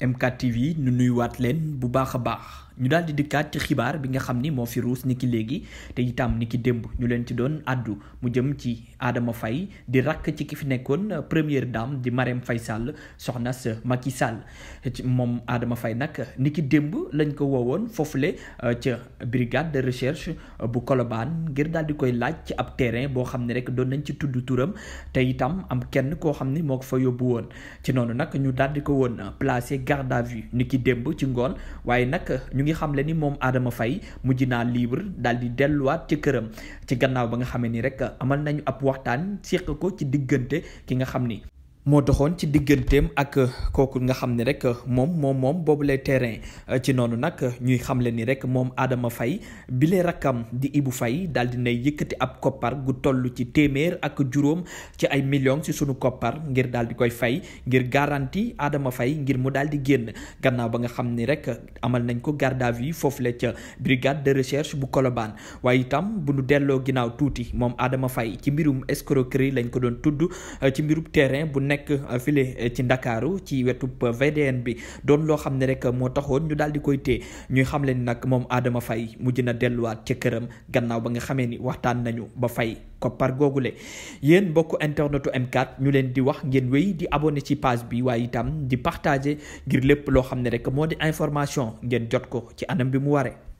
MK TV nu nuyuwaat leen bu baax a baax ñu daal di dikkaat ci xibaar bi nga xam ni moo fi ruus ni ki léegi te itam ni ki démb ñu leen ci doon addu mu jëm ci aadama fay di rakk ci ki fi nekkoon première dame di Marème fay sàll soxna sa Macky Sall moom aadama fay nag ni ki démb lañ ko woowoon le euh, ca brigade de recherche euh, bu Colobane ngir daal di koy laaj ci ab terrain boo xam ne rek doon nañ ci tudd turam te itam am kenn koo xam ni moo ko fa yóbbu woon ci noonu nag ñu daal di ko woon placé garde à vue ki démb ci ngoon ñu ngi xamle ni moom aadama Faye mujj naa libre daal di delluwaat ci këram ci gannaaw ba nga xamee ni rek amal nañu ab waxtaan séq ko ci diggante ki nga xam ni moo doxoon ci digganteem ak euh, kooku nga xam ni rek euh, moom moom moom boobule terrain euh, ci noonu nag ñuy xamle ni rek moom aadama fay bile rakkam di Ibou fay daal di nay yëkkati ab koppar gu toll ci téeméer ak juróom ci ay millions ci sunu koppar ngir daal di koy fay ngir garantie aadama fay ngir mu daal di génn gannaaw ba nga xam ni rek amal nañ ko garde à vue foofu la ca brigade de recherche bu Colobane waaye itam bu nu delloo ginnaaw tuuti moom Adama Faye ci mbirum escroquerie lañ ko doon tudd ci mbirum terrain bu nekk euh, file euh, ci ndakaaru ci wetu euh, VDN bi doon loo xam ne rek moo taxoon ñu daal di koy téye ñuy xam leen nag moom aadama fay mujj na delluwaat ca këram gannaaw ba nga xamee ni waxtaan nañu ba fay googu le yéen bokk internetu M4 ñu leen di wax ngeen wey di abonné ci page bi waaye itam di partage ngir lépp loo xam ne rek moo di information ngeen jot ko ci anam bi mu waree